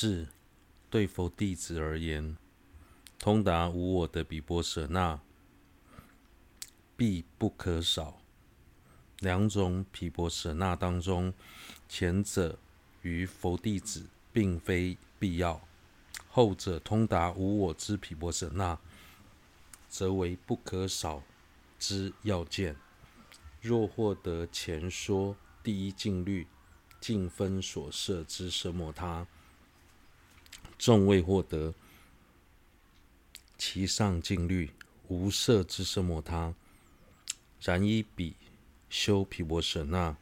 是，對佛弟子而言，通達無我的毗婆舍那必不可少。兩種毗婆舍那當中，前者於佛弟子並非必要，後者通達無我之毗婆舍那，則為不可少之要件。若獲得前說第一靜慮近分所攝之奢摩他。縱未獲得其上靜慮無色之奢摩他，然依彼修毗婆舍那，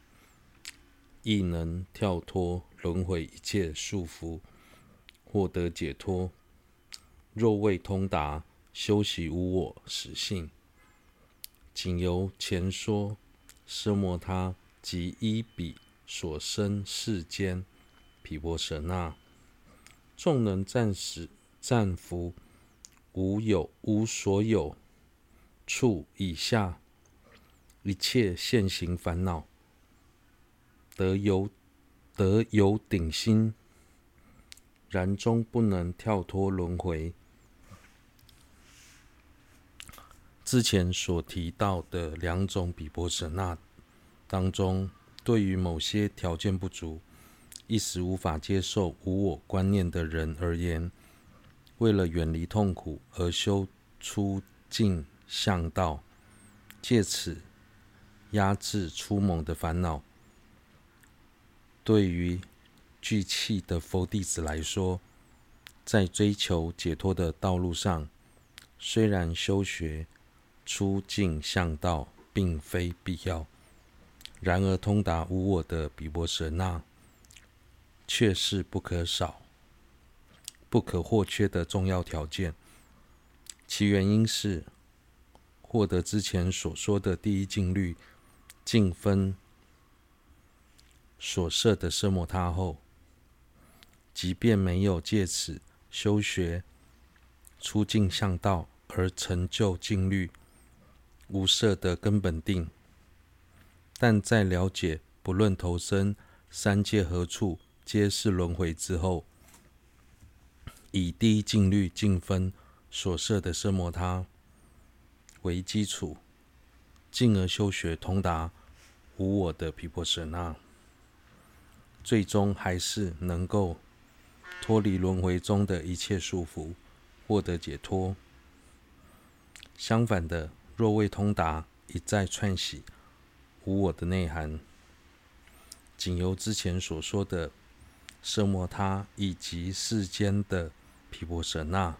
亦能跳脫輪迴一切束縛，獲得解脫。若未通達修習無我實性，僅由前說奢摩他及依彼所生世間毗婆舍那。縱能暫時、暫伏、無有、無所有處以下一切現行煩惱，得有得有頂心，然終不能跳脫輪迴。之前所提到的兩種毗婆舍那當中，對於某些條件不足。一時無法接受無我觀念的人而言，為了遠離痛苦而修粗靜相道，借此壓制粗猛的煩惱。對於具器的佛弟子來說，在追求解脫的道路上，雖然修學粗靜相道並非必要，然而通達無我的毗婆舍那。卻是不可少、不可或缺的重要條件。其原因是，獲得之前所說的第一靜慮近分所攝的奢摩他後，即便沒有借此修學粗靜相道而成就靜慮、無色的根本定，但在了解不論投生三界何處。皆是輪迴之後，以第一靜慮近分所攝的奢摩他為基礎，進而修學通達無我的毗婆舍那，最終還是能夠脫離輪迴中的一切束縛，獲得解脫。相反的，若未通達一再串習無我的內涵，僅由之前所說的。奢摩他以及世間的毗婆舍那，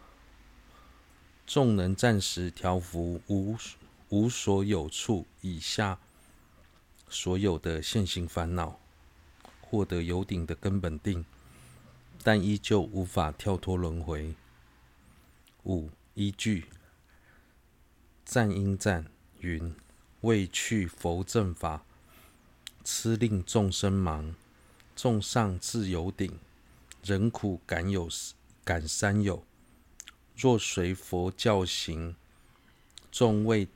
縱能暫時調伏無無所有處以下所有的現行煩惱，獲得有頂的根本定，但依舊無法跳脫輪迴。五、依據《讚應讚》云，未趣佛正法，癡令眾生盲。縱上至有頂，仍苦感有感三有。若隨佛教行，縱未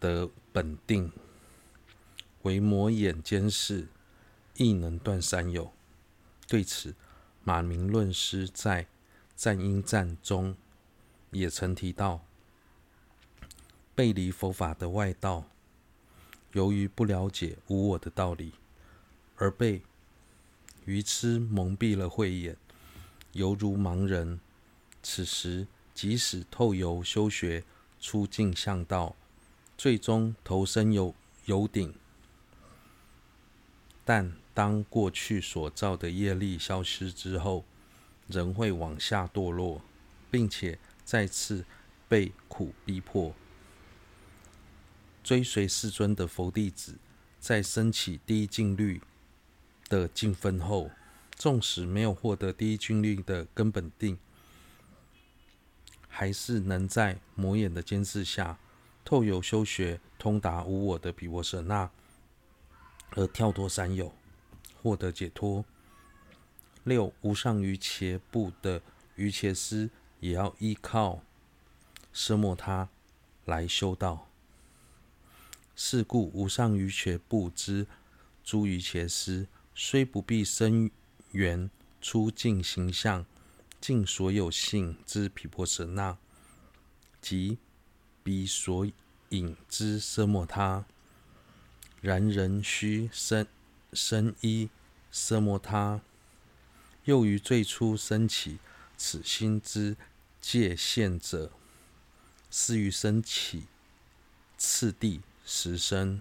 得本定，為魔眼監視，亦能斷三有。對此，馬鳴論師在《讚應讚》中也曾提到：背離佛法的外道，由於不了解無我的道理。而被愚癡蒙蔽了慧眼，猶如盲人。此時即使透由修學粗靜相道，最終投生有有頂，但當過去所造的業力消失之後，仍會往下墮落，並且再次被苦逼迫。追隨世尊的佛弟子，在升起第一靜慮的近分後，縱使沒有獲得第一靜慮的根本定，還是能在魔眼的監視下，透由修學通達無我的毗婆舍那，而跳脫三有，獲得解脫。六、無上瑜伽部的瑜伽師，也要依靠奢摩他來修道。是故無上瑜伽部之諸瑜伽師。雖不必生緣粗靜行相，盡所有性之毗婆舍那，及彼所引之奢摩他，然仍須生生一奢摩他，又於最初生起此心之界限者，是於生起次第時生。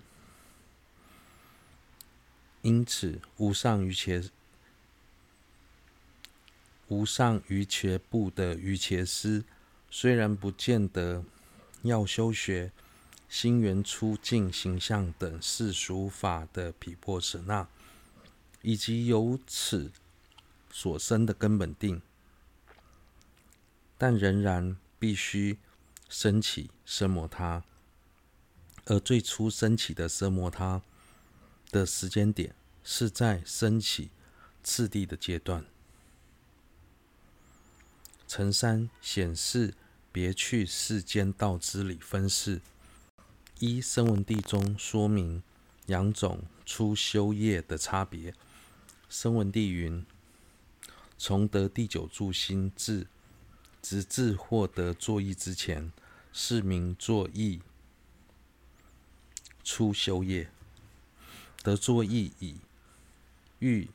因此，無上瑜伽、無上瑜伽部的瑜伽師，雖然不見得要修學心緣粗靜、行相等世俗法的毗婆舍那，以及由此所生的根本定，但仍然必須生起奢摩他，而最初生起的奢摩他。的時間點是在生起次第的階段。辰三、顯示別趣世間道之理分四：一、聲聞地中說明兩種初修業的差別。聲聞地云：從得第九住心至直至獲得作意之前，是名作意初修業。得作意已，欲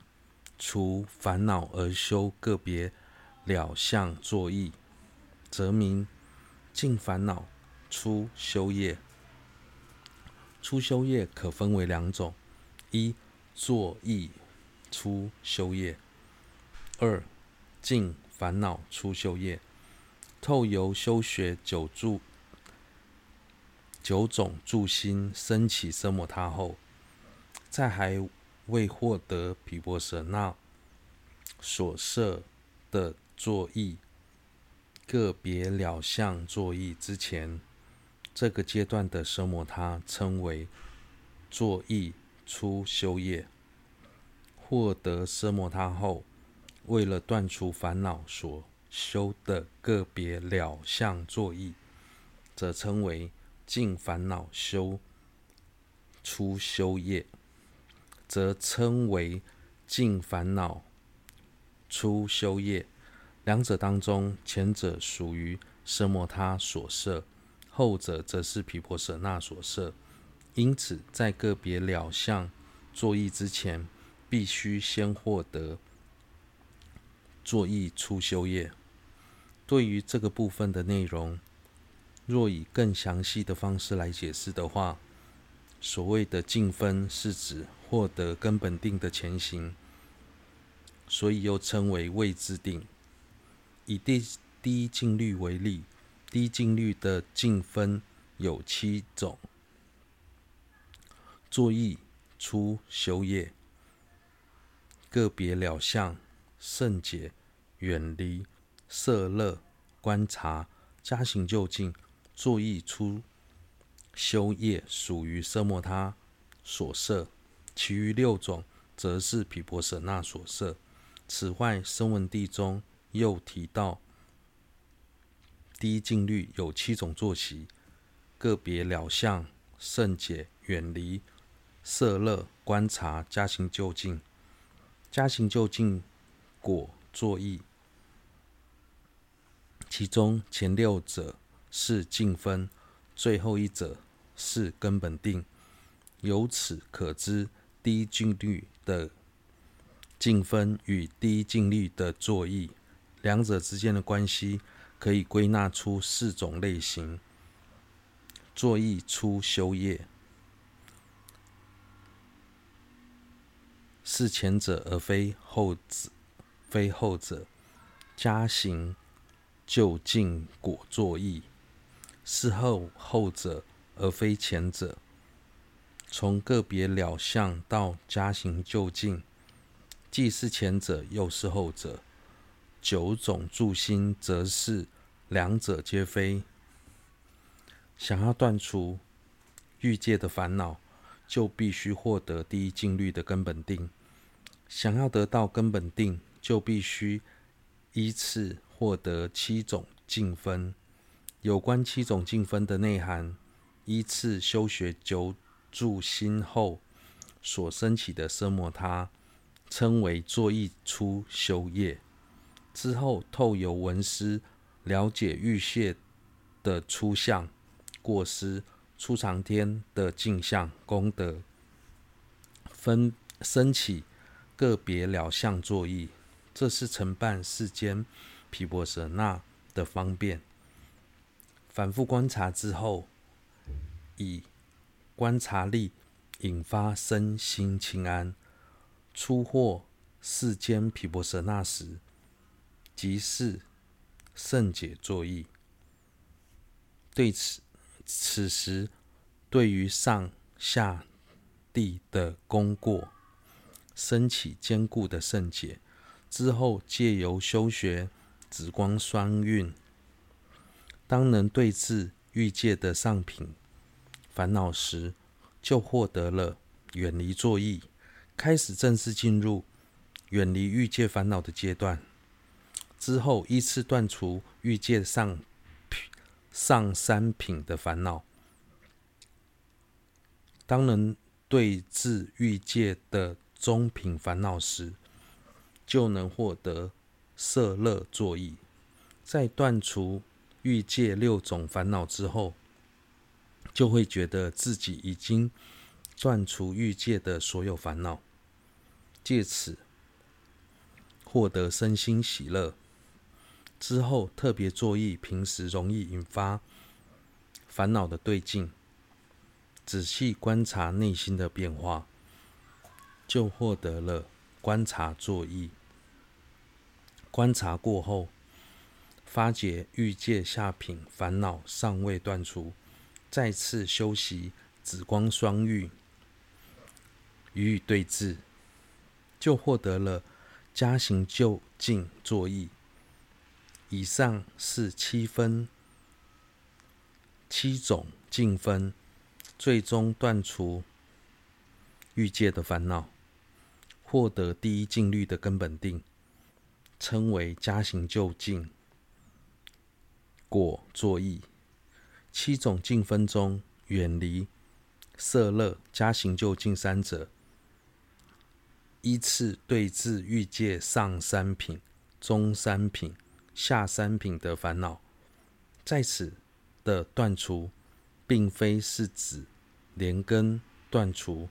除煩惱而修各別了相作意，則名淨煩惱初修業。初修業可分為兩種：一、作意初修業；二、淨煩惱初修業。透由修學九住九種住心生起奢摩他後。在還未獲得毗婆舍那所攝的作意各別了相作意之前，這個階段的奢摩他稱為作意初修業。獲得奢摩他後，為了斷除煩惱所修的各別了相作意，則稱為淨煩惱修初修業。則稱為淨煩惱初修業，兩者當中，前者屬於奢摩他所攝，後者則是毗婆舍那所攝。因此，在各別了相作意之前，必須先獲得作意初修業。對於這個部分的內容，若以更詳細的方式來解釋的話，所謂的近分，是指獲得根本定的前行，所以又稱為未至定。以第第一靜慮為例，第一靜慮的近分有七種：作意初修業、個別了相、勝解、遠離、攝樂、觀察、加行究竟、作意初。修業屬於奢摩他所攝，其餘六種則是毗婆舍那所攝。此外，《聲聞地》中又提到，第一靜慮有七種作意：各別了相、勝解、遠離、攝樂、觀察、加行究竟、加行究竟果作意。其中前六者是近分，最後一者。是根本定。由此可知，第一靜慮的近分與第一靜慮的作意，兩者之間的關係可以歸納出四種類型：作意初修業，是前者，而非後者；非後者加行究竟果作意，是後後者而非前者，從個別了相到加行究竟，既是前者又是後者，九種住心則是兩者皆非。想要斷除欲界的煩惱，就必須獲得第一靜慮的根本定。想要得到根本定，就必須依次獲得七種近分。有關七種近分的內涵。依次修學九住心後，所生起的奢摩他，稱為作意初修業。之後透由聞思，了解欲界的粗相、過失、初禪天的靜相、功德，分生起個別了相作意，這是承辦世間毗婆舍那的方便。反覆觀察之後。以觀察力引發身心輕安，初獲世間毗婆舍那時，即是勝解作意，對此此時，對於上下地的功過，生起堅固的勝解，之後，借由修學止觀雙運，當能對治欲界的上品煩惱時，就獲得了遠離作意，開始正式進入遠離欲界煩惱的階段。之後依次斷除欲界上上三品的煩惱。當能對治欲界的中品煩惱時，就能獲得攝樂作意。在斷除欲界六種煩惱之後，就會覺得自己已經斷除欲界的所有煩惱，借此獲得身心喜樂。之後特別作意，平時容易引發煩惱的對境，仔細觀察內心的變化，就獲得了觀察作意。觀察過後，發覺欲界下品煩惱尚未斷除。再次修習止觀雙運，予以對治，就獲得了加行究竟作意。以上是七分七種近分，最終斷除欲界的煩惱，獲得第一靜慮的根本定，稱為加行究竟果作意。七種近分中，遠離、攝樂、加行究竟三者，依次對治欲界上三品、中三品、下三品的煩惱。在此的斷除，並非是指連根斷除，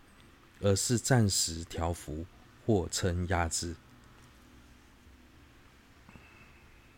而是暫時調伏或稱壓制。